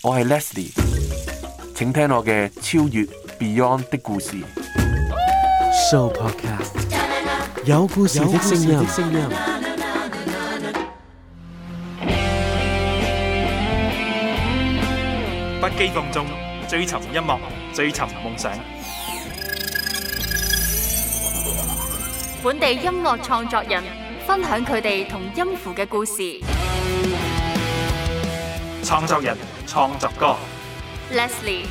我係 Leslie，請聽我嘅超越 Beyond 的故事。So Podcast 有故事的聲音，不羈放縱追尋音樂，追尋夢想。本地音樂創作人分享佢哋同音符嘅故事。創作人。創作歌，Leslie，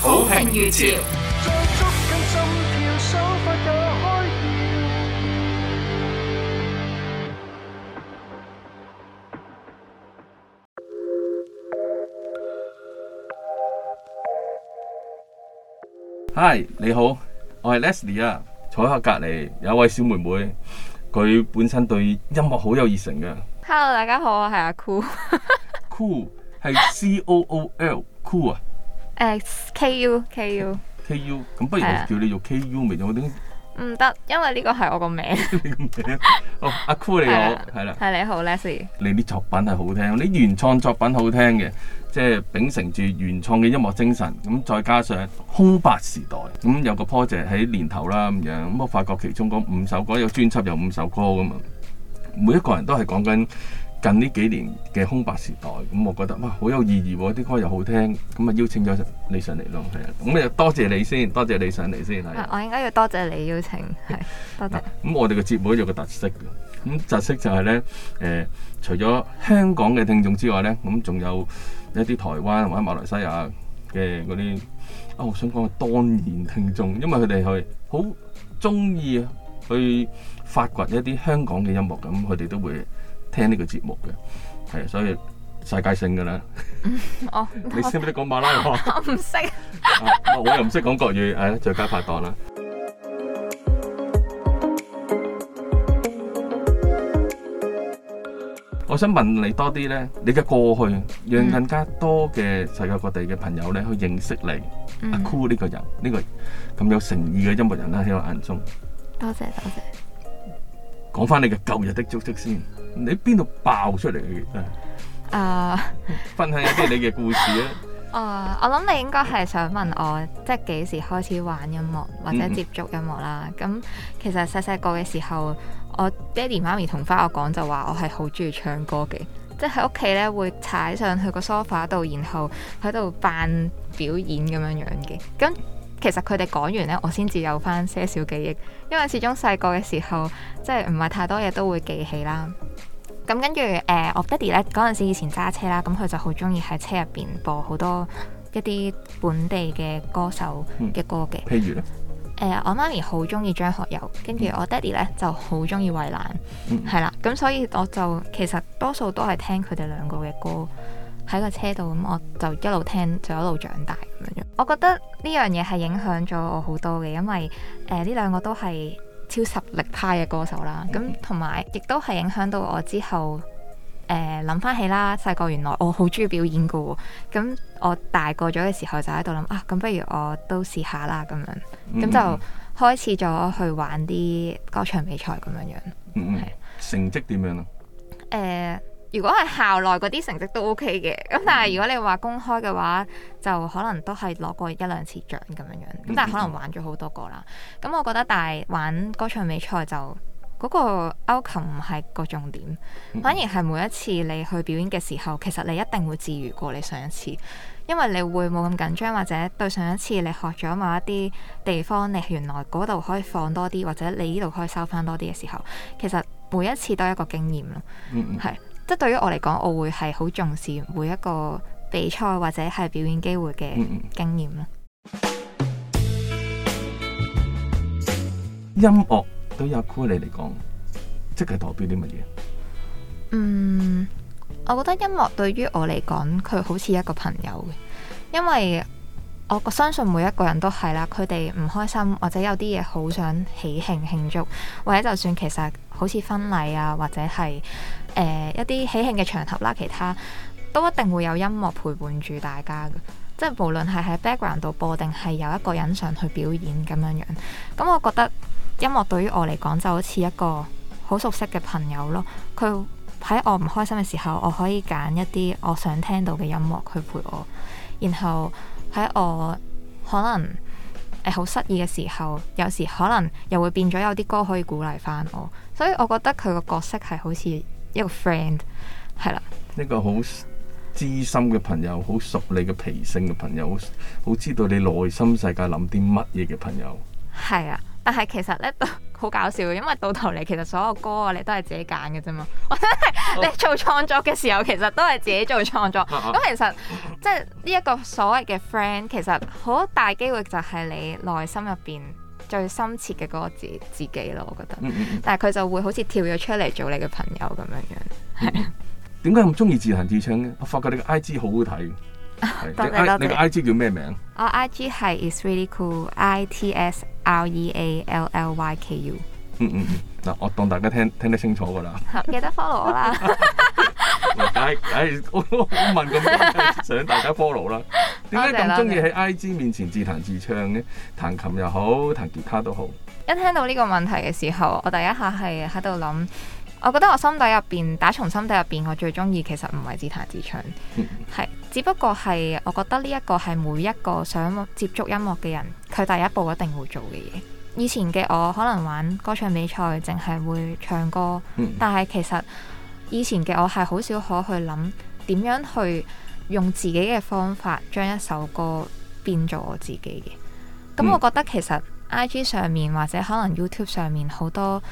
好評如潮。Hi，你好，我係 Leslie 啊。坐喺隔籬有一位小妹妹，佢本身對音樂好有熱誠嘅。Hello，大家好，我係阿 Cool。 Cool 係 C O O L，cool 啊，誒 K U K U K U，咁不如叫你做 K U 咪？我點？唔得，因為呢個係我個名。你名哦，阿 Cool 你好，係啦，係你好，Leslie。你啲作品係好聽，你原創作品好聽嘅，即係秉承住原創嘅音樂精神，咁再加上空白時代，咁有個 project 喺年頭啦，咁樣咁我發覺其中嗰五首歌有專輯有五首歌咁樣，每一個人都係講緊。近呢幾年嘅空白時代，咁、嗯、我覺得哇，好有意義喎、啊！啲歌又好聽，咁、嗯、啊邀請咗你上嚟咯，係啊，咁啊多謝你先，多謝你上嚟先，係、嗯、我應該要多謝你邀請，係多謝。咁、嗯嗯、我哋嘅節目有個特色㗎，咁、嗯、特色就係、是、咧，誒、呃，除咗香港嘅聽眾之外咧，咁、嗯、仲有一啲台灣或者馬來西亞嘅嗰啲，啊、哦，我想講嘅當然聽眾，因為佢哋係好中意去發掘一啲香港嘅音樂，咁佢哋都會。聽呢個節目嘅，係啊，所以世界性噶啦。你識唔識講馬拉？我唔識，我又唔識講國語。係，最佳拍檔啦。我想問你多啲咧，你嘅過去，讓更加多嘅世界各地嘅朋友咧，去認識你阿 Cool 呢個人，呢個咁有誠意嘅音樂人啦，喺我眼中。多謝多謝。講翻你嘅舊日的足跡先。你喺邊度爆出嚟嘅？啊！Uh, 分享一啲你嘅故事啊！啊，uh, 我諗你應該係想問我，即係幾時開始玩音樂或者接觸音樂啦？咁、mm hmm. 其實細細個嘅時候，我爹哋媽咪同返我講就話，我係好中意唱歌嘅，即係喺屋企咧會踩上去個 sofa 度，然後喺度扮表演咁樣樣嘅，咁。其實佢哋講完呢，我先至有翻些少記憶，因為始終細個嘅時候，即係唔係太多嘢都會記起啦。咁跟住誒、呃，我爹哋呢，嗰陣時以前揸車啦，咁佢就好中意喺車入邊播好多一啲本地嘅歌手嘅歌嘅。譬如咧？誒，我媽咪好中意張學友，跟住我爹哋呢，就好中意衞蘭，係、嗯、啦。咁所以我就其實多數都係聽佢哋兩個嘅歌。喺個車度咁，我就一路聽，就一路長大咁樣樣。我覺得呢樣嘢係影響咗我好多嘅，因為誒呢兩個都係超實力派嘅歌手啦。咁同埋亦都係影響到我之後誒諗返起啦，細個原來我好中意表演㗎喎。咁我大個咗嘅時候就喺度諗啊，咁不如我都試下啦咁樣。咁、嗯嗯、就開始咗去玩啲歌唱比賽咁樣樣。嗯，嗯是成績點樣啊？誒、呃。如果係校內嗰啲成績都 OK 嘅，咁但係如果你話公開嘅話，就可能都係攞過一兩次獎咁樣樣，咁但係可能玩咗好多個啦。咁我覺得，但係玩歌唱比賽就嗰、嗰個 outcome 唔係個重點，反而係每一次你去表演嘅時候，其實你一定會自如過你上一次，因為你會冇咁緊張，或者對上一次你學咗某一啲地方，你原來嗰度可以放多啲，或者你呢度可以收翻多啲嘅時候，其實每一次都係一個經驗咯，係、嗯嗯。即係對於我嚟講，我會係好重視每一個比賽或者係表演機會嘅經驗咯、嗯。音樂對於阿 Cool 你嚟講，即係代表啲乜嘢？嗯，我覺得音樂對於我嚟講，佢好似一個朋友嘅，因為。我相信每一個人都係啦，佢哋唔開心或者有啲嘢好想喜慶慶祝，或者就算其實好似婚禮啊，或者係誒、呃、一啲喜慶嘅場合啦，其他都一定會有音樂陪伴住大家嘅。即係無論係喺 background 度播，定係有一個人上去表演咁樣樣。咁我覺得音樂對於我嚟講就好似一個好熟悉嘅朋友咯。佢喺我唔開心嘅時候，我可以揀一啲我想聽到嘅音樂去陪我，然後。喺我可能誒好失意嘅時候，有時可能又會變咗有啲歌可以鼓勵返我，所以我覺得佢個角色係好似一個 friend，係啦，一個好知心嘅朋友，好熟你嘅脾性嘅朋友，好好知道你內心世界諗啲乜嘢嘅朋友，係啊。但係其實咧都好搞笑，因為到頭嚟其實所有歌啊，你都係自己揀嘅啫嘛，或者係你做創作嘅時候其實都係自己做創作。咁、啊啊、其實即係呢一個所謂嘅 friend，其實好大機會就係你內心入邊最深切嘅嗰個自自己咯，我覺得。嗯嗯，但係佢就會好似跳咗出嚟做你嘅朋友咁樣樣，係。點解咁中意自彈自唱呢？我發覺你嘅 I G 好好睇。你個、really cool, I G 叫咩名？我 I G 係 is really cool，I T S R E A L L Y K U。嗯嗯，嗯，嗱，我當大家聽聽得清楚噶啦。記得 follow 我啦。解解， 我都問咁多想大家 follow 啦。點解咁中意喺 I G 面前自彈自唱呢？彈琴又好，彈吉他都好。一聽到呢個問題嘅時候，我第一下係喺度諗，我覺得我心底入邊，打從心底入邊，我最中意其實唔係自彈自唱，係、嗯。只不過係，我覺得呢一個係每一個想接觸音樂嘅人，佢第一步一定會做嘅嘢。以前嘅我可能玩歌唱比賽，淨係會唱歌，嗯、但係其實以前嘅我係好少可去諗點樣去用自己嘅方法將一首歌變做我自己嘅。咁我覺得其實 IG 上面或者可能 YouTube 上面好多。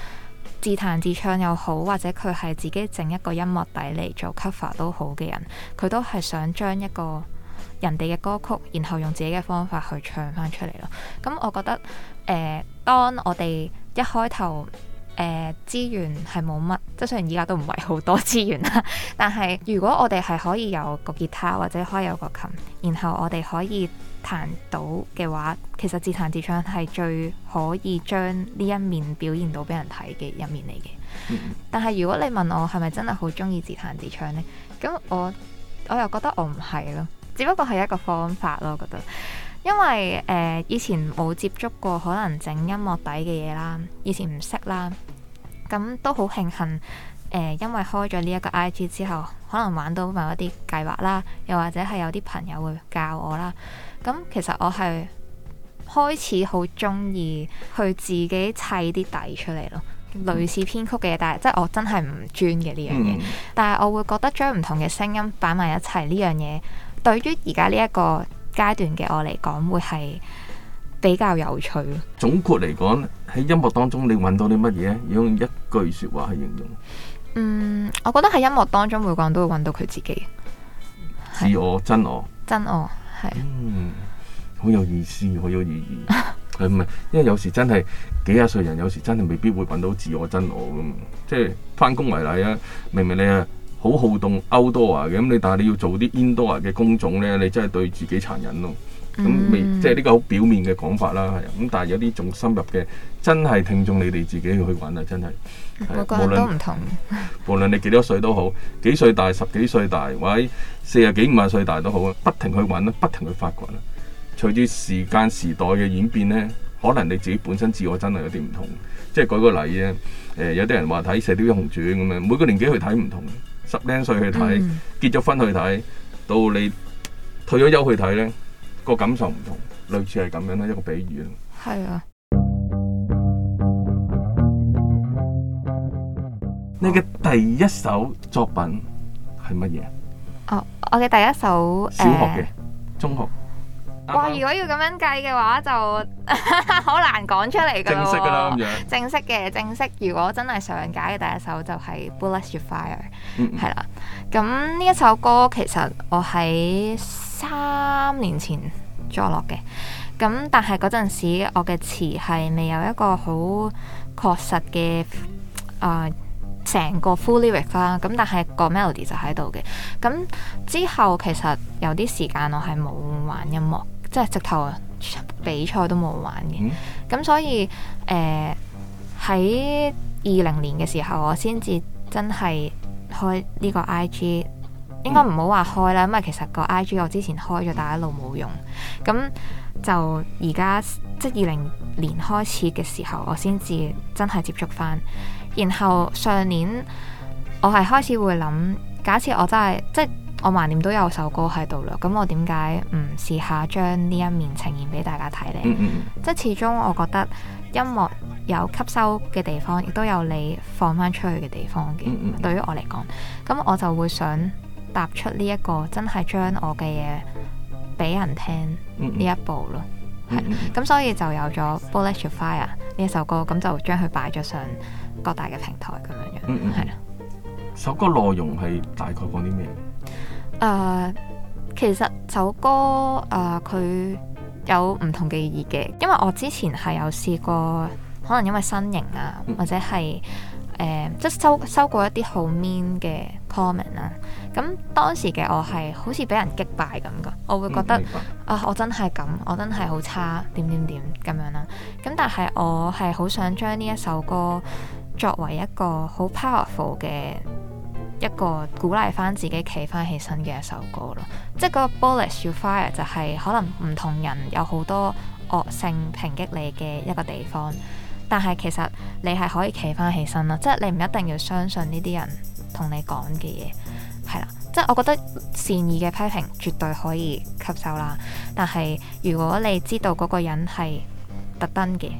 自彈自唱又好，或者佢係自己整一個音樂底嚟做 cover 都好嘅人，佢都係想將一個人哋嘅歌曲，然後用自己嘅方法去唱翻出嚟咯。咁我覺得，誒、呃，當我哋一開頭，誒、呃、資源係冇乜，即係雖然依家都唔係好多資源啦，但係如果我哋係可以有個吉他或者可以有個琴，然後我哋可以，彈到嘅話，其實自彈自唱係最可以將呢一面表現到俾人睇嘅一面嚟嘅。 但係如果你問我係咪真係好中意自彈自唱呢？咁我我又覺得我唔係咯，只不過係一個方法咯。我覺得因為誒、呃、以前冇接觸過可能整音樂底嘅嘢啦，以前唔識啦，咁都好慶幸誒、呃，因為開咗呢一個 IG 之後，可能玩到某一啲計劃啦，又或者係有啲朋友會教我啦。咁、嗯、其實我係開始好中意去自己砌啲底出嚟咯，嗯、類似編曲嘅，但係即係我真係唔專嘅呢樣嘢。嗯、但係我會覺得將唔同嘅聲音擺埋一齊呢樣嘢，對於而家呢一個階段嘅我嚟講，會係比較有趣。總括嚟講，喺音樂當中你揾到啲乜嘢？用一句說話去形容。嗯，我覺得喺音樂當中每個人都會揾到佢自己。自我，是真我，真我。是啊、嗯，好有意思，好有意義。係唔係？因為有時真係幾廿歲人，有時真係未必會搵到自我真我咁。即係返工為例啊，明明你啊好好動 outdoor 嘅咁，你但係你要做啲 indoor 嘅工種咧，你真係對自己殘忍咯。咁未，嗯嗯、即係呢個好表面嘅講法啦，係咁。但係有啲仲深入嘅，真係聽眾你哋自己去揾啊，真係。每個唔同。無論你幾多歲都好，幾歲大，十幾歲大，或者四十幾五十歲大都好啊，不停去揾啊，不停去發掘啊。隨住時間時代嘅演變咧，可能你自己本身自我真係有啲唔同。即係舉個例啊，誒、呃、有啲人話睇《射雕英雄傳》咁樣，每個年紀去睇唔同，十零歲去睇，結咗婚去睇，到你退咗休去睇咧。個感受唔同，類似係咁樣啦。一個比喻啦。係啊的。你嘅第一首作品係乜嘢？哦，我嘅第一首小學嘅，呃、中學。哇！吧如果要咁樣計嘅話就，就 好難講出嚟噶、啊、正式㗎啦，咁樣。正式嘅，正式。如果真係想解嘅第一首就係、是《b u l l i s h u Fire》。係啦、嗯。咁呢一首歌其實我喺三年前，作落嘅，咁但係嗰陣時我嘅詞係未有一個好確實嘅誒成個 full lyric 啦、啊，咁但係個 melody 就喺度嘅。咁之後其實有啲時間我係冇玩音樂，即係直頭比賽都冇玩嘅。咁、嗯、所以誒喺二零年嘅時候，我先至真係開呢個 IG。應該唔好話開啦，因為其實個 IG 我之前開咗，但一路冇用。咁就而家即二零年開始嘅時候，我先至真係接觸翻。然後上年我係開始會諗，假設我真係即係我萬年都有首歌喺度啦，咁我點解唔試下將呢一面呈現俾大家睇呢？ 即係始終我覺得音樂有吸收嘅地方，亦都有你放翻出去嘅地方嘅。 對於我嚟講，咁我就會想。踏出呢、這、一個真係將我嘅嘢俾人聽呢、嗯嗯、一步咯，係，咁所以就有咗《Bullet Fire》呢一首歌，咁就將佢擺咗上各大嘅平台咁樣樣，係啦、嗯嗯。的首歌內容係大概講啲咩？誒、嗯，其實首歌誒佢、呃、有唔同嘅意義嘅，因為我之前係有試過，可能因為身形啊，嗯、或者係誒，即、呃、係收收過一啲好 mean 嘅。comment 啦、啊，咁當時嘅我係好似俾人擊敗咁嘅，我會覺得、嗯、啊，我真係咁，我真係好差，點點點咁樣啦。咁但係我係好想將呢一首歌作為一個好 powerful 嘅一個鼓勵，翻自己企翻起身嘅一首歌咯。即係個 bullet you fire 就係可能唔同人有好多惡性抨擊你嘅一個地方，但係其實你係可以企翻起身啦。即係你唔一定要相信呢啲人。同你講嘅嘢係啦，即係我覺得善意嘅批評絕對可以吸收啦。但係如果你知道嗰個人係特登嘅，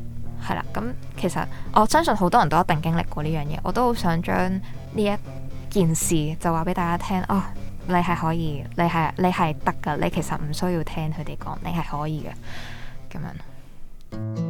係啦，咁其實我相信好多人都一定經歷過呢樣嘢。我都好想將呢一件事就話俾大家聽，哦，你係可以，你係你係得㗎，你其實唔需要聽佢哋講，你係可以嘅咁樣。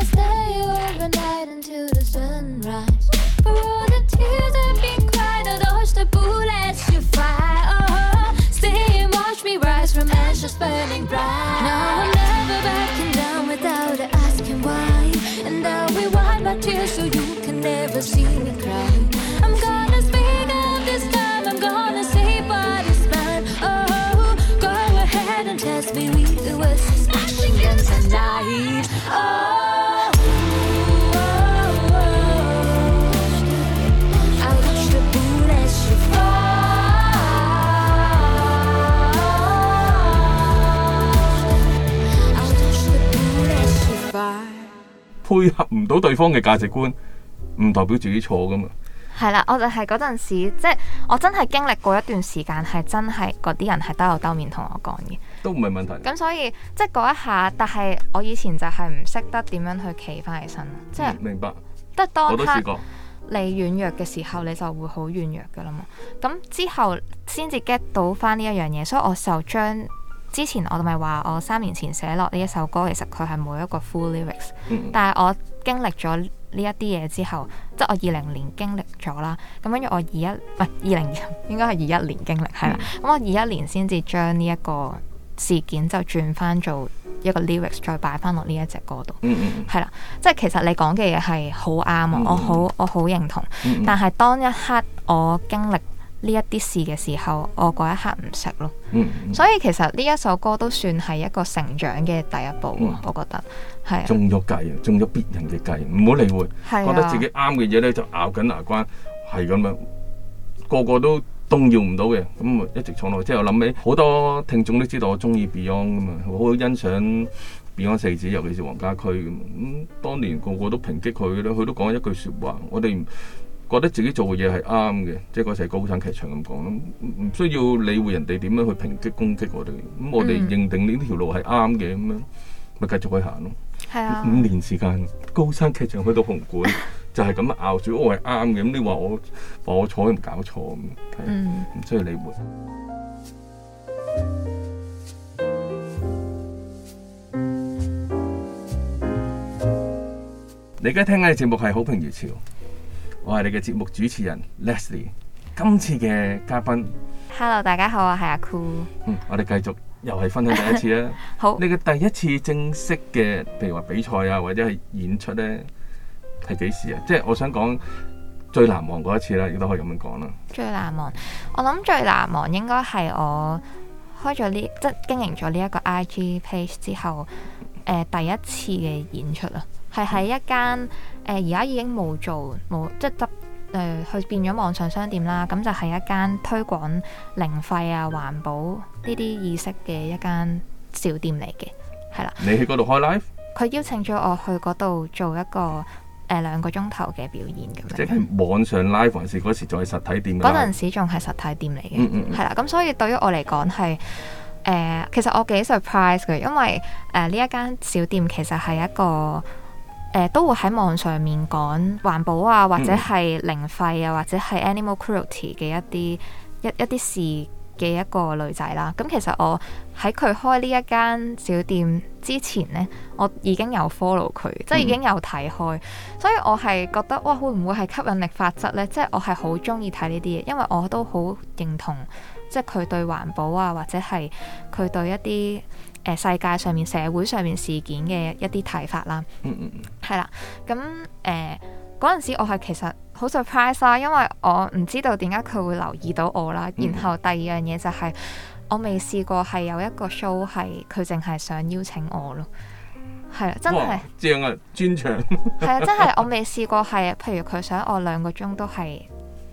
配合唔到對方嘅價值觀，唔代表自己錯噶嘛。係啦，我就係嗰陣時，即係我真係經歷過一段時間，係真係嗰啲人係兜口兜面同我講嘢，都唔係問題。咁所以即係嗰一下，但係我以前就係唔識得點樣去企翻起身，即係，嗯、明白。我都試過，當你軟弱嘅時候，你就會好軟弱噶啦嘛。咁之後先至 get 到翻呢一樣嘢，所以我就將。之前我咪話，我三年前寫落呢一首歌，其實佢係冇一個 full lyrics、嗯。但係我經歷咗呢一啲嘢之後，即係我二零年經歷咗啦。咁跟住我二一唔係二零，20, 應該係二一年經歷係啦。咁、嗯、我二一年先至將呢一個事件就轉翻做一個 lyrics，再擺翻落呢一隻歌度。嗯，係啦，即係其實你講嘅嘢係好啱啊！嗯、我好我好認同。嗯、但係當一刻我經歷。呢一啲事嘅時候，我嗰一刻唔食咯嗯。嗯，所以其實呢一首歌都算係一個成長嘅第一步哇我覺得係、啊。中咗計啊，中咗別人嘅計，唔好理會。係啊，覺得自己啱嘅嘢咧就咬緊牙關，係咁樣。個個都動搖唔到嘅，咁一直做落去。即係我諗起好多聽眾都知道我中意 Beyond 噶嘛，好欣賞 Beyond 四子，尤其是黃家駒咁。咁、嗯、當年個個都抨擊佢嘅咧，佢都講一句説話：我哋。覺得自己做嘅嘢係啱嘅，即係嗰時高山劇場咁講咯，唔需要理會人哋點樣去抨擊攻擊我哋。咁我哋認定呢條路係啱嘅咁樣，咪、嗯、繼續去行咯。係啊，五年時間，高山劇場去到紅館就， 就係咁樣咬住我係啱嘅。咁你話我我坐都唔搞錯咁，唔需要理會。嗯、你而家聽嘅節目係《好評如潮》。我係你嘅節目主持人 Leslie，今次嘅嘉賓。Hello，大家好，我係阿 Cool。嗯，我哋繼續又係分享第一次啦。 好，你嘅第一次正式嘅，譬如話比賽啊，或者係演出咧，係幾時啊？即係我想講最難忘嗰一次啦，亦都可以咁樣講啦。最難忘，我諗最難忘應該係我開咗呢，即係經營咗呢一個 IG page 之後，誒、呃，第一次嘅演出啦，係喺一間。誒而家已經冇做冇，即係執誒去變咗網上商店啦。咁就係一間推廣零廢啊、環保呢啲意識嘅一間小店嚟嘅，係啦。你去嗰度開 live？佢邀請咗我去嗰度做一個誒、呃、兩個鐘頭嘅表演咁樣。即係網上 live 還是嗰時仲係實體店？嗰陣時仲係實體店嚟嘅、嗯嗯嗯，嗯係啦。咁所以對於我嚟講係誒，其實我幾 surprise 嘅，因為誒呢、呃、一間小店其實係一個。誒、呃、都會喺網上面講環保啊，或者係零廢啊，或者係 animal cruelty 嘅一啲一一啲事嘅一個女仔啦。咁其實我喺佢開呢一間小店之前呢，我已經有 follow 佢，嗯、即係已經有睇開。所以我係覺得哇，會唔會係吸引力法則呢？即、就、係、是、我係好中意睇呢啲嘢，因為我都好認同，即係佢對環保啊，或者係佢對一啲。誒，世界上面、社會上面事件嘅一啲睇法啦，嗯嗯，係啦，咁誒，嗰、呃、陣時我係其實好 surprise 啦，因為我唔知道點解佢會留意到我啦。嗯、然後第二樣嘢就係我未試過係有一個 show 係佢淨係想邀請我咯，係真係正啊，專場，係 啊，真係我未試過係，譬如佢想我兩個鐘都係。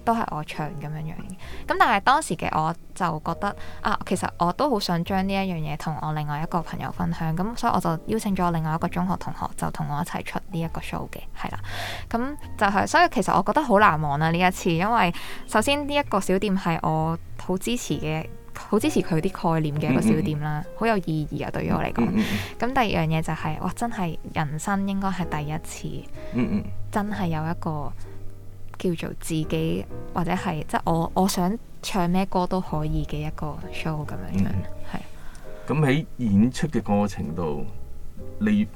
都係我唱咁樣樣嘅，咁但係當時嘅我就覺得啊，其實我都好想將呢一樣嘢，同我另外一個朋友分享，咁所以我就邀請咗另外一個中學同學就同我一齊出呢一個 show 嘅，係啦，咁就係、是，所以其實我覺得好難忘啊呢一次，因為首先呢一個小店係我好支持嘅，好支持佢啲概念嘅一個小店啦，好有意義啊對於我嚟講，咁、嗯嗯嗯，第二樣嘢就係、是、哇，真係人生應該係第一次，嗯嗯嗯真係有一個。叫做自己或者係即係我我想唱咩歌都可以嘅一個 show 咁樣樣，係是。咁喺演出嘅過程度，你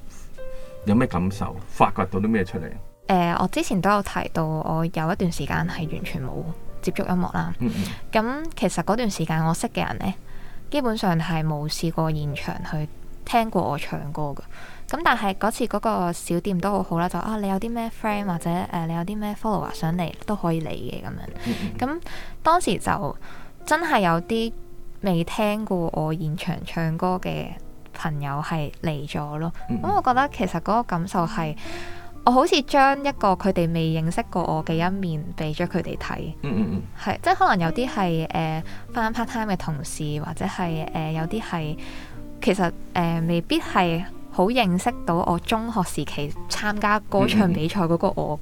有咩感受？發掘到啲咩出嚟？誒、呃，我之前都有提到，我有一段時間係完全冇接觸音樂啦。咁、嗯嗯、其實嗰段時間我識嘅人呢，基本上係冇試過現場去聽過我唱歌㗎。咁但係嗰次嗰個小店都好好啦，就啊，你有啲咩 friend 或者誒、呃、你有啲咩 follower 想嚟都可以嚟嘅咁樣。咁 當時就真係有啲未聽過我現場唱歌嘅朋友係嚟咗咯。咁 我覺得其實嗰個感受係我好似將一個佢哋未認識過我嘅一面俾咗佢哋睇。嗯 即係可能有啲係誒翻 part time 嘅同事，或者係誒、呃、有啲係其實誒、呃、未必係。好認識到我中學時期參加歌唱比賽嗰個我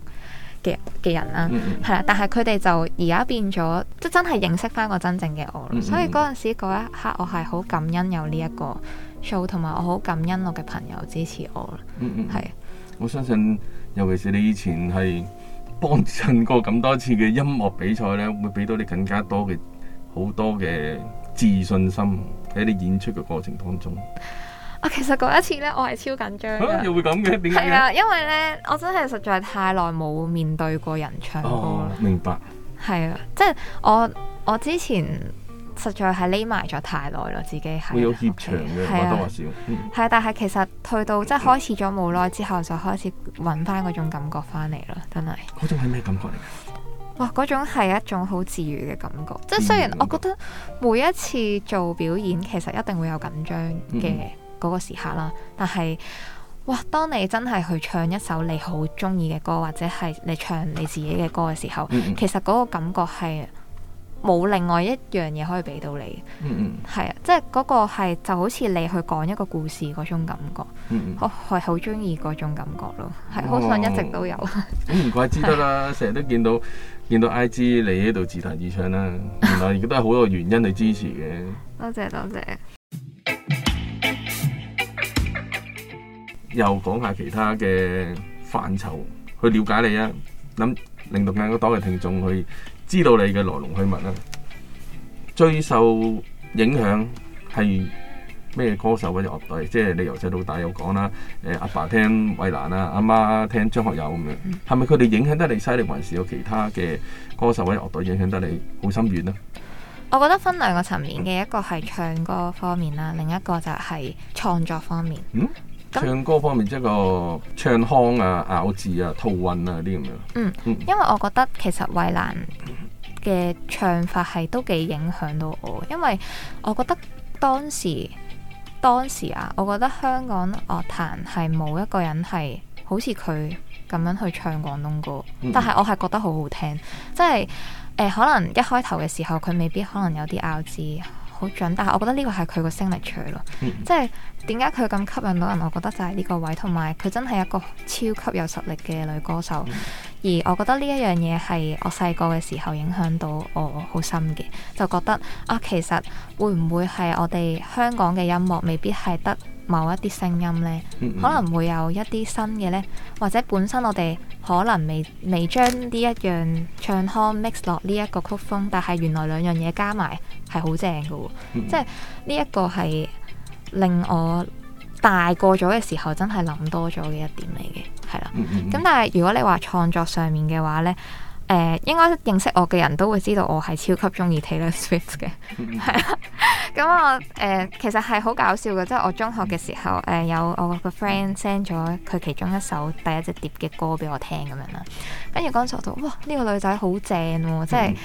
嘅嘅、嗯嗯、人啦，係啦、嗯嗯，但係佢哋就而家變咗，即真係認識翻個真正嘅我。嗯嗯，所以嗰陣時嗰一刻，我係好感恩有呢一個 show，同埋我好感恩我嘅朋友支持我。嗯嗯，係。我相信，尤其是你以前係幫襯過咁多次嘅音樂比賽呢，會俾到你更加多嘅好多嘅自信心喺你演出嘅過程當中。啊，其實嗰一次咧，我係超緊張嘅。嚇、啊！又會咁嘅？點解？係啊，因為咧，我真係實在太耐冇面對過人唱歌、哦、明白。係啊，即係我我之前實在係匿埋咗太耐啦，自己係。會有怯場嘅，或多或少。係、啊嗯，但係其實去到即係開始咗冇耐之後，就開始揾翻嗰種感覺翻嚟啦。真係。嗰種係咩感覺嚟？哇！嗰種係一種好治癒嘅感覺，即係、嗯、雖然我覺得每一次做表演其實一定會有緊張嘅。嗯嗰個時刻啦，但係哇，當你真係去唱一首你好中意嘅歌，或者係你唱你自己嘅歌嘅時候，嗯嗯其實嗰個感覺係冇另外一樣嘢可以俾到你。嗯啊、嗯，即係嗰個係就好似你去講一個故事嗰種感覺。嗯嗯我係好中意嗰種感覺咯，係好、哦、想一直都有。咁唔、哦、怪之得啦，成日 的都見到見到 IG 你喺度自彈自唱啦，原來亦都係好多原因去支持嘅 。多謝多謝。又講下其他嘅範疇去了解你啊，諗令到更多嘅聽眾去知道你嘅來龍去脈啦。最受影響係咩歌手或者樂隊？即係你由細到大有講啦。誒阿爸聽衞蘭啦，阿媽聽張學友咁樣，係咪佢哋影響得你犀利，還是有其他嘅歌手或者樂隊影響得你好深遠咧？我覺得分兩個層面嘅，一個係唱歌方面啦，另一個就係創作方面。嗯。唱歌方面即係個唱腔啊、咬字啊、吐韻啊啲咁樣。嗯，嗯因為我覺得其實衛蘭嘅唱法係都幾影響到我，因為我覺得當時當時啊，我覺得香港樂壇係冇一個人係好似佢咁樣去唱廣東歌，但係我係覺得好好聽，嗯、即係誒、呃、可能一開頭嘅時候佢未必可能有啲咬字。好準，但係我覺得呢個係佢個聲力除咯，mm hmm. 即係點解佢咁吸引到人？我覺得就係呢個位，同埋佢真係一個超級有實力嘅女歌手。Mm hmm. 而我覺得呢一樣嘢係我細個嘅時候影響到我好深嘅，就覺得啊，其實會唔會係我哋香港嘅音樂未必係得？某一啲聲音呢，可能會有一啲新嘅呢，或者本身我哋可能未未將呢一樣唱腔 mix 落呢一個曲風，但係原來兩樣嘢加埋係好正㗎喎， 即係呢一個係令我大個咗嘅時候，真係諗多咗嘅一點嚟嘅，係啦。咁 但係如果你話創作上面嘅話呢。誒應該認識我嘅人都會知道我係超級中意 Taylor Swift 嘅，係啦、 嗯。咁我誒、嗯、其實係好搞笑嘅，即、就、係、是、我中學嘅時候，誒、呃、有我個 friend send 咗佢其中一首第一隻碟嘅歌俾我聽咁樣啦。跟住嗰時候我話：哇，呢、這個女仔好正喎！即係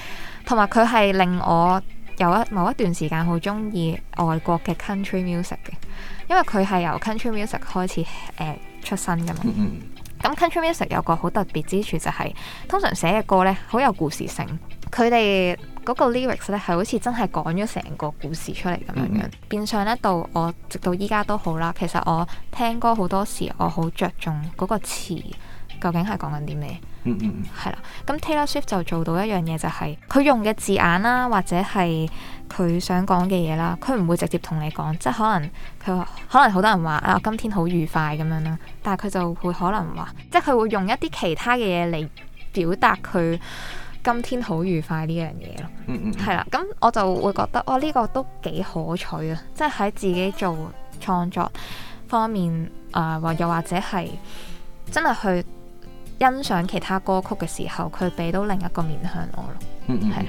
同埋佢係令我有一某一段時間好中意外國嘅 country music 嘅，因為佢係由 country music 開始誒、呃、出身㗎嘛。 咁 Country Music 有個好特別之處就係，通常寫嘅歌咧，好有故事性。佢哋嗰個 Lyrics 咧，係好似真係講咗成個故事出嚟咁樣樣，嗯嗯變相咧到我直到依家都好啦。其實我聽歌好多時，我好着重嗰個詞究竟係講緊啲咩。嗯嗯，係啦，咁 Taylor Swift 就做到一樣嘢，就係佢用嘅字眼啦，或者係佢想講嘅嘢啦，佢唔會直接同你講，即係可能佢話可能好多人話啊，今天好愉快咁樣啦，但係佢就會可能話，即係佢會用一啲其他嘅嘢嚟表達佢今天好愉快呢樣嘢咯。嗯嗯，係啦，咁 我就會覺得哇，呢、呢個都幾可取啊！即係喺自己做創作方面啊，或、呃、又或者係真係去。欣賞其他歌曲嘅時候，佢俾到另一個面向我咯，係啦。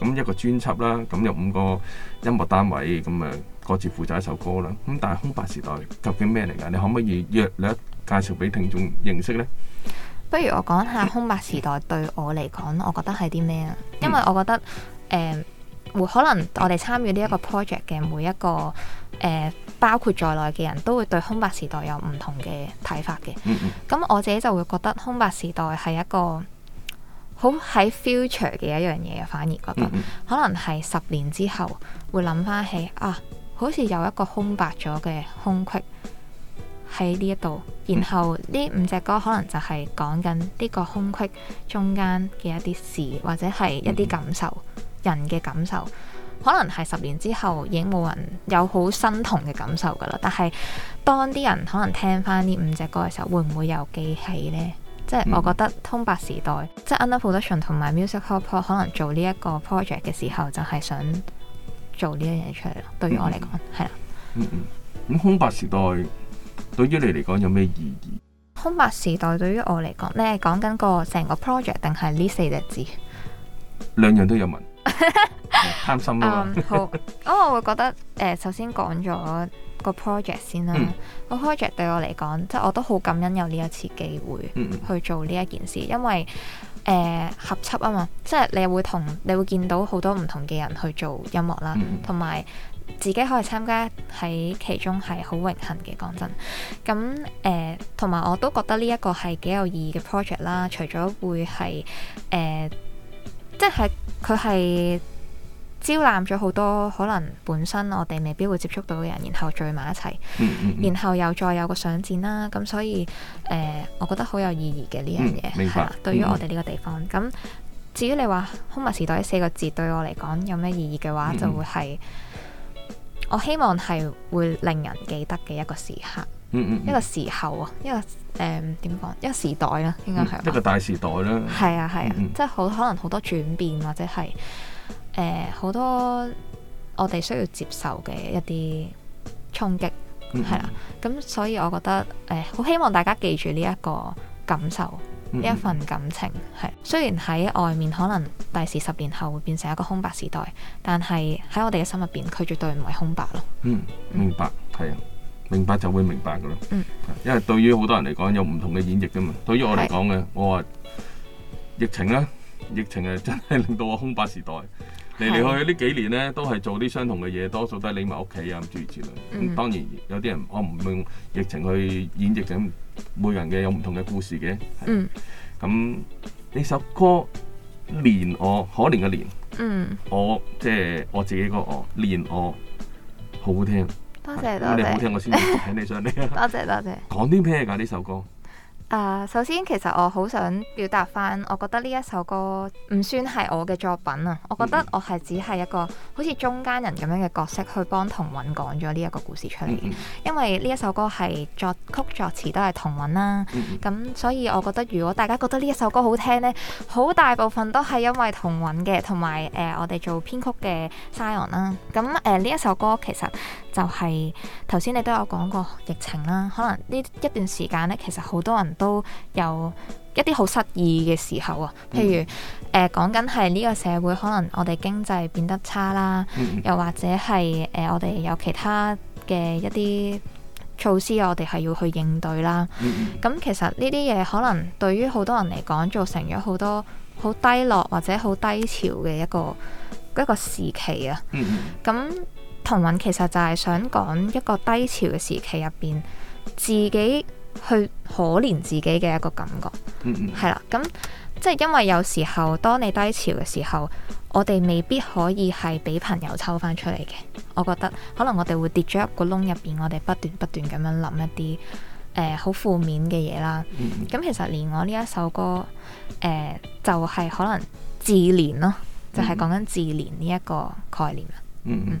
咁一個專輯啦，咁有五個音樂單位，咁啊各自負責一首歌啦。咁但係但係空白時代究竟咩嚟㗎？你可唔可以約略介紹俾聽眾認識呢？不如我講下空白時代對我嚟講，我覺得係啲咩啊？因為我覺得誒、呃，可能我哋參與呢一個 project 嘅每一個誒、呃，包括在內嘅人都會對空白時代有唔同嘅睇法嘅。嗯咁、嗯、我自己就會覺得空白時代係一個，好喺 future 嘅一樣嘢，反而覺得可能係十年之後會諗翻起啊，好似有一個空白咗嘅空隙喺呢一度，然後呢五隻歌可能就係講緊呢個空隙中間嘅一啲事，或者係一啲感受，嗯、哼人嘅感受，可能係十年之後已經冇人有好身同嘅感受㗎喇。但係當啲人可能聽翻呢五隻歌嘅時候，會唔會有記起呢？即係我覺得《空白時代》嗯、即係 Under Production 同埋 Musical Pop 可能做呢一個 project 嘅時候，就係想做呢一樣嘢出嚟咯。嗯、對於我嚟講，係啊、嗯了嗯，嗯嗯，咁《空白時代》對於你嚟講有咩意義？《空白時代》對於我嚟講，你係講緊個成個 project 定係呢四隻字？兩樣都有問，貪 心啦。 um, 好。咁、 oh, 我會覺得，誒、呃，首先講咗。個 project 先啦，個 project 對我嚟講，即係我都好感恩有呢一次機會去做呢一件事，因為誒、呃、合輯啊嘛，即係你會同你會見到好多唔同嘅人去做音樂啦，同埋 自己可以參加喺其中係好榮幸嘅，講真。咁誒，同、呃、埋我都覺得呢一個係幾有意義嘅 project 啦，除咗會係誒、呃，即係佢係。招攬咗好多可能本身我哋未必會接觸到嘅人，然後聚埋一齊，然後又再有個賞賀啦。咁所以誒，我覺得好有意義嘅呢樣嘢。明白。對於我哋呢個地方，咁至於你話《空密時代》呢四個字對我嚟講有咩意義嘅話，就會係我希望係會令人記得嘅一個時刻，一個時候啊，一個誒點講一個時代啦，應該係一個大時代啦。係啊係啊，即係好可能好多轉變或者係。誒，好、呃、多我哋需要接受嘅一啲衝擊，係啦、嗯，咁所以我覺得誒，好、呃、希望大家記住呢一個感受，呢、嗯嗯、一份感情係。雖然喺外面可能第時十年後會變成一個空白時代，但係喺我哋嘅心入邊，佢絕對唔係空白咯。嗯，嗯，明白，係啊，明白就會明白噶啦。嗯。因為對於好多人嚟講，有唔同嘅演繹噶嘛。對於我嚟講嘅，的我話疫情咧，疫情誒真係令到我空白時代。嚟嚟去去呢幾年咧，都係做啲相同嘅嘢，多數都係匿埋屋企啊，諸如之類。咁、嗯、當然有啲人我唔會用疫情去演繹緊，每人嘅有唔同嘅故事嘅。咁呢、嗯、首歌《年我》可憐嘅年，嗯，我即係、就是、我自己個，我《年我》好好聽，多謝多謝，多謝你好聽，我先請你上嚟。 多謝多謝，講啲咩㗎呢首歌？啊，uh, 首先其實我好想表達翻，我覺得呢一首歌唔算係我嘅作品啊，我覺得我係只係一個好似中間人咁樣嘅角色，去幫同韻講咗呢一個故事出嚟。因為呢一首歌係作曲作詞都係同韻啦，咁所以我覺得如果大家覺得呢一首歌好聽呢，好大部分都係因為同韻嘅，同埋誒我哋做編曲嘅 Cyril 啦。咁誒呢一首歌其實。就係頭先你都有講過疫情啦，可能呢一段時間呢，其實好多人都有一啲好失意嘅時候啊。譬如誒，講緊係呢個社會，可能我哋經濟變得差啦，嗯、又或者係誒、呃、我哋有其他嘅一啲措施，我哋係要去應對啦。咁、嗯、其實呢啲嘢可能對於好多人嚟講，造成咗好多好低落或者好低潮嘅一個一個時期啊。咁、嗯同韻其實就係想講一個低潮嘅時期入邊，自己去可憐自己嘅一個感覺，係啦、嗯嗯。咁即係因為有時候當你低潮嘅時候，我哋未必可以係俾朋友抽翻出嚟嘅。我覺得可能我哋會跌咗一個窿入邊，我哋不斷不斷咁樣諗一啲誒好負面嘅嘢啦。咁、嗯嗯、其實連我呢一首歌誒、呃、就係、是、可能自憐咯，就係講緊自憐呢一個概念。嗯，嗯嗯。嗯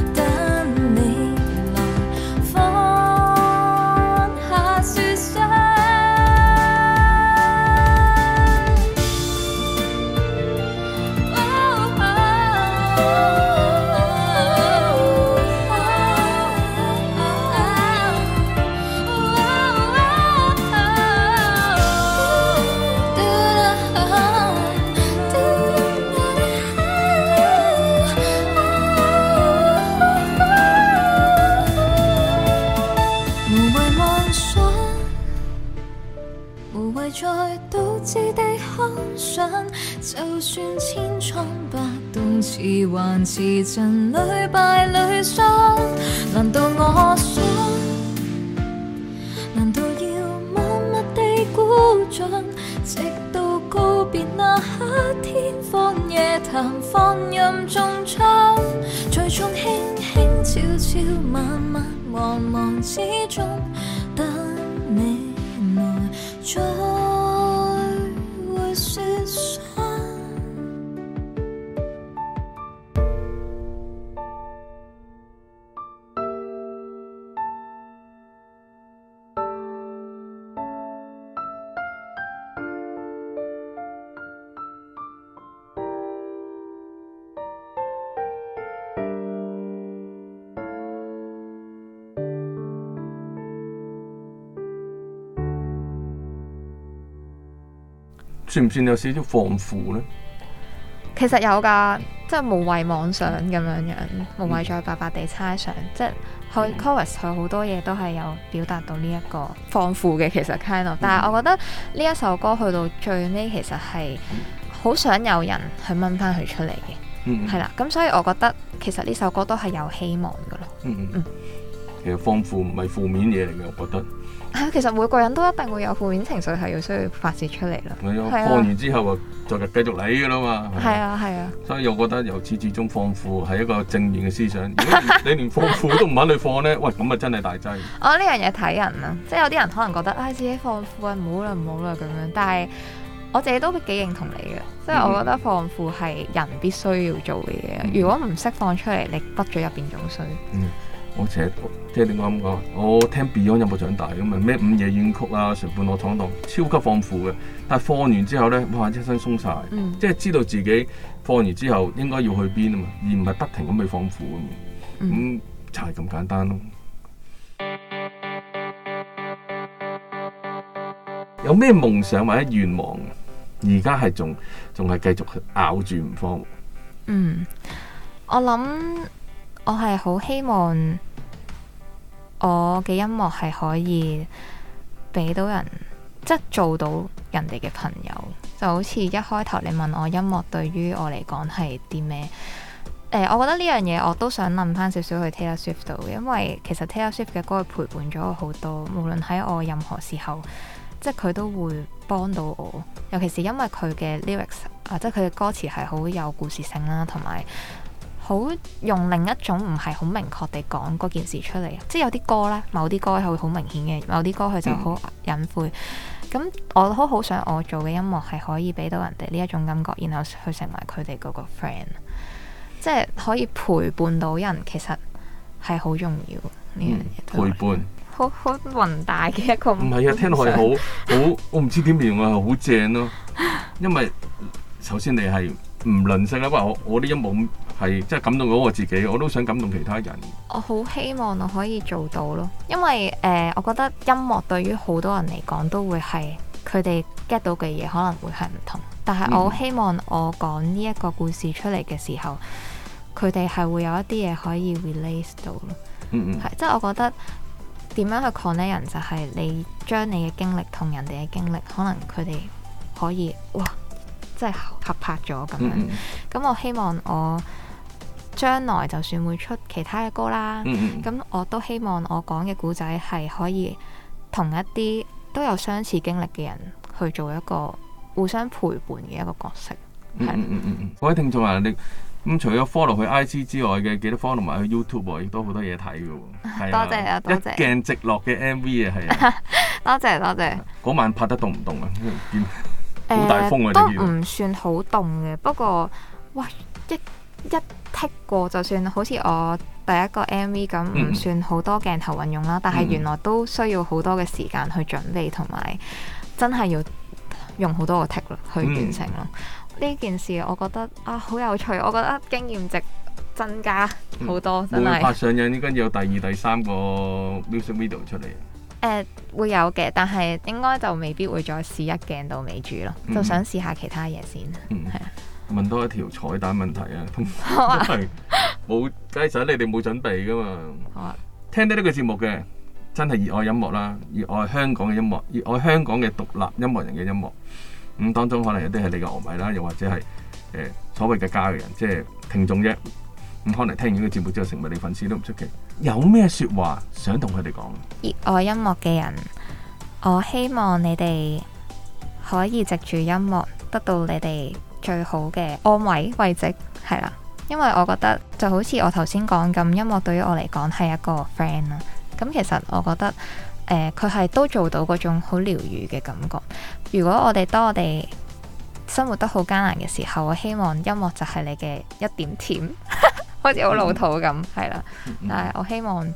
算唔算有少少放負呢？其實有㗎，即係無謂妄想咁樣樣，無謂再白白地猜想，嗯、即係 chorus 佢好多嘢都係有表達到呢一個放負嘅。其實 kind of, 但係我覺得呢一首歌去到最尾其實係好想有人去掹翻佢出嚟嘅，係啦、嗯嗯。咁所以我覺得其實呢首歌都係有希望㗎咯。嗯嗯嗯。嗯。其實放負唔係負面嘢嚟嘅，我覺得其實每個人都一定會有負面情緒，係要需要發泄出嚟啦。啊、放完之後就繼續嘛啊，就繼續嚟噶啦嘛。係啊，係啊。所以我覺得由始至終放負係一個正面嘅思想。如果你連， 你連放負都唔肯去放咧，喂，咁啊真係大劑。哦，呢樣嘢睇人啊，即係有啲人可能覺得啊、哎，自己放負啊，唔好啦，唔好啦咁樣。但係我自己都幾認同你嘅，嗯、即係我覺得放負係人必須要做嘅嘢。嗯、如果唔釋放出嚟，你迫咗入邊仲衰。嗯。嗯我成日即係點講咁講，我聽 Beyond 有冇長大咁啊咩午夜怨曲啊，誰伴我闖蕩，超級放負嘅。但係放完之後咧，哇，一身鬆晒，嗯、即係知道自己放完之後應該要去邊啊嘛，而唔係不停咁去放負咁。咁、嗯、就係咁簡單咯。有咩夢想或者願望？而家係仲仲係繼續咬住唔放？嗯，我諗。我係好希望我嘅音樂係可以俾到人，即係做到人哋嘅朋友，就好似一開頭你問我音樂對於我嚟講係啲咩？誒，我覺得呢樣嘢我都想諗翻少少去 Taylor Swift 度，因為其實 Taylor Swift 嘅歌係陪伴咗我好多，無論喺我任何時候，即佢都會幫到我。尤其是因為佢嘅 Lyrics 啊，即佢嘅歌詞係好有故事性啦，同埋，好用另一種唔係好明確地講嗰件事出嚟，即係有啲歌呢，某啲歌係會好明顯嘅，某啲歌佢就好隱晦。咁、嗯、我好好想我做嘅音樂係可以俾到人哋呢一種感覺，然後去成為佢哋嗰個 friend，即係可以陪伴到人，其實係好重要呢樣嘢陪伴，好好宏大嘅一個唔係啊，聽落去 好好，我唔知點形容啊，好正咯，啊。因為首先你係唔輪性啦，因為我我啲音樂。係，即係感動到我自己，我都想感動其他人。我好希望我可以做到咯，因為誒、呃，我覺得音樂對於好多人嚟講都會係佢哋 get 到嘅嘢，可能會係唔同。但係我希望我講呢一個故事出嚟嘅時候，佢哋係會有一啲嘢可以 release 到咯。嗯、mm hmm. 係，即係我覺得點樣去 connect 人就係、是、你將你嘅經歷同人哋嘅經歷，可能佢哋可以哇，即係合拍咗咁樣。咁、mm hmm. 我希望我。將來就算會出其他嘅歌啦，咁我都希望我講嘅古仔係可以同一啲都有相似經歷嘅人去做一個互相陪伴嘅一個角色。嗯嗯嗯嗯，各位聽眾啊，你咁、嗯、除咗 follow 佢 IG 之外嘅，記得 follow 埋佢 YouTube 我亦都好多嘢睇嘅。多謝啊，一鏡直落嘅 M V 啊，係啊，多謝多謝。嗰晚拍得凍唔凍啊？好 大風啊，呃、都唔算好凍嘅，不過喂一一。一一一剔過就算，好似我第一個 M V 咁，唔算好多鏡頭運用啦。Mm hmm. 但係原來都需要好多嘅時間去準備，同埋真係要用好多個剔去完成咯。呢、mm hmm. 件事我覺得啊好有趣，我覺得經驗值增加好多。Mm hmm. 真係的拍上癮，應該有第二、第三個 music video 出嚟。誒、呃、會有嘅，但係應該就未必會再試一鏡到尾住咯。Mm hmm. 就想試下其他嘢先，係啊、mm。Hmm. 問多一條彩蛋問題啊，都係冇雞仔，你哋冇準備噶嘛。 聽得呢個節目嘅真係熱愛音樂啦，熱愛香港嘅音樂，熱愛香港嘅獨立音樂人嘅音樂。咁當中可能有啲係你嘅俄迷啦，又或者係誒、呃、所謂嘅家嘅人，即係聽眾啫。咁可能聽完呢個節目之後，成為你粉絲都唔出奇。有咩説話想同佢哋講？熱愛音樂嘅人，我希望你哋可以藉住音樂得到你哋。最好嘅安慰慰藉係啦，因為我覺得就好似我頭先講咁，音樂對於我嚟講係一個 friend 啦。咁其實我覺得，誒、呃，佢係都做到嗰種好療愈嘅感覺。如果我哋當我哋生活得好艱難嘅時候，我希望音樂就係你嘅一點甜， 好似好老土咁係啦。嗯、但係我希望。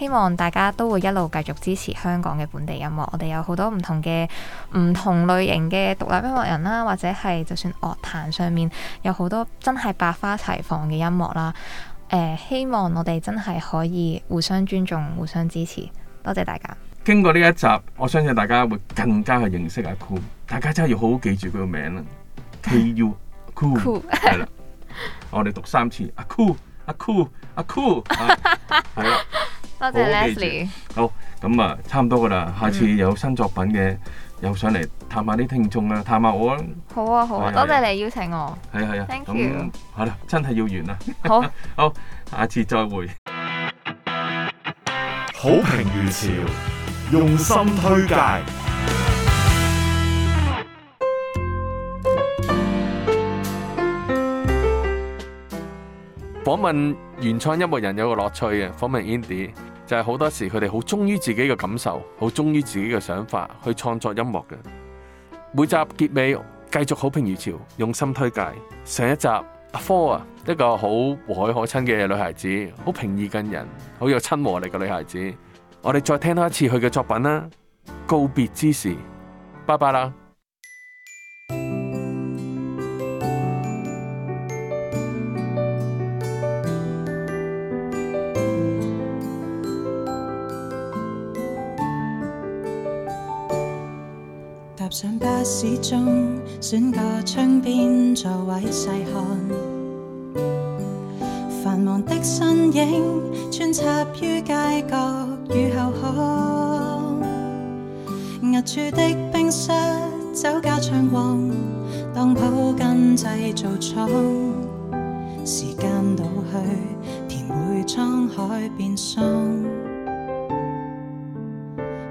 希望大家都會一路繼續支持香港嘅本地音樂。我哋有好多唔同嘅唔同類型嘅獨立音樂人啦，或者係就算樂壇上面有好多真係百花齊放嘅音樂啦，呃，希望我哋真係可以互相尊重、互相支持。多謝大家。經過呢一集，我相信大家會更加去認識阿 Cool。大家真係要好好記住佢個名啦，K U Cool。係啦，我哋讀三次，阿 Cool，阿 Cool，阿 Cool。係啦。多謝 Leslie，好，咁啊，差唔多噶啦，下次有新作品嘅，又上嚟探下啲聽眾啦，探下我啦。好啊好啊，多謝你邀請我。係啊係啊，咁好啦，真係要完啦。好好，下次再會。好評如潮，用心推介。訪問原創音樂人有個樂趣嘅，訪問 Andy。就係好多時，佢哋好忠於自己嘅感受，好忠於自己嘅想法去創作音樂嘅。每集結尾繼續好評如潮，用心推介。上一集阿科啊，4, 一個好和藹可親嘅女孩子，好平易近人，好有親和力嘅女孩子。我哋再聽多一次佢嘅作品啦。告別之時，拜拜啦。上巴士中，選個窗邊座位細看，繁忙的身影穿插於街角與後巷，暗處的冰室酒家暢旺，當鋪跟製造廠，時間倒去，填滿滄海變桑。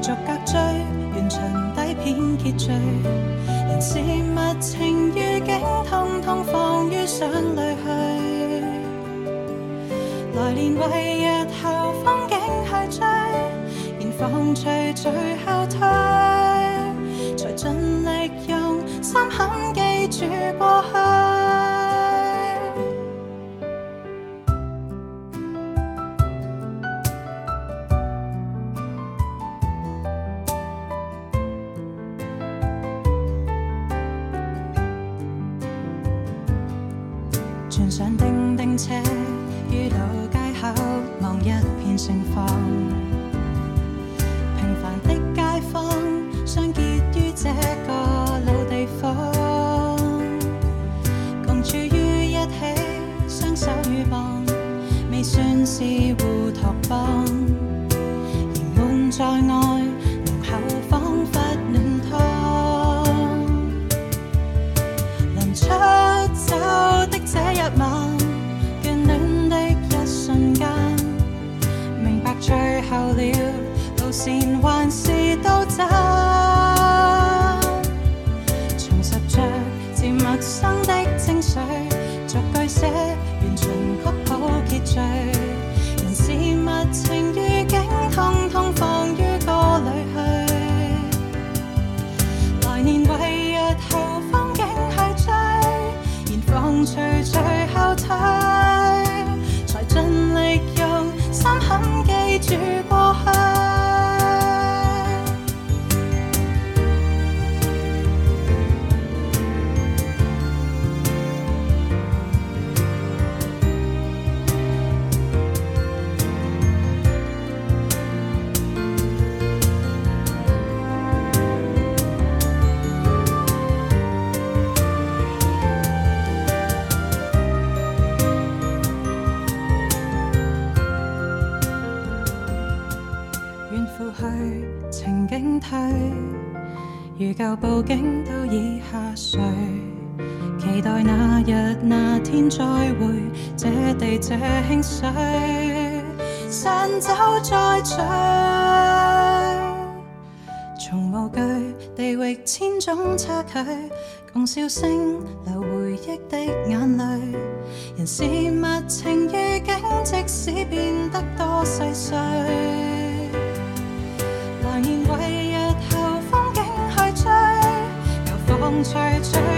逐格追，完場底片結序，人事物情遇景，通通放於心裡去。來年為日後風景去追，然風隨轉後退，才盡力用心狠記住過去。舊佈景都已下垂，期待那日那天再會，這地這輕水，散走再聚，從無懼地域千種差距，共笑聲流回憶的眼淚，人事物情遇境，即使變得多細碎。風吹吹。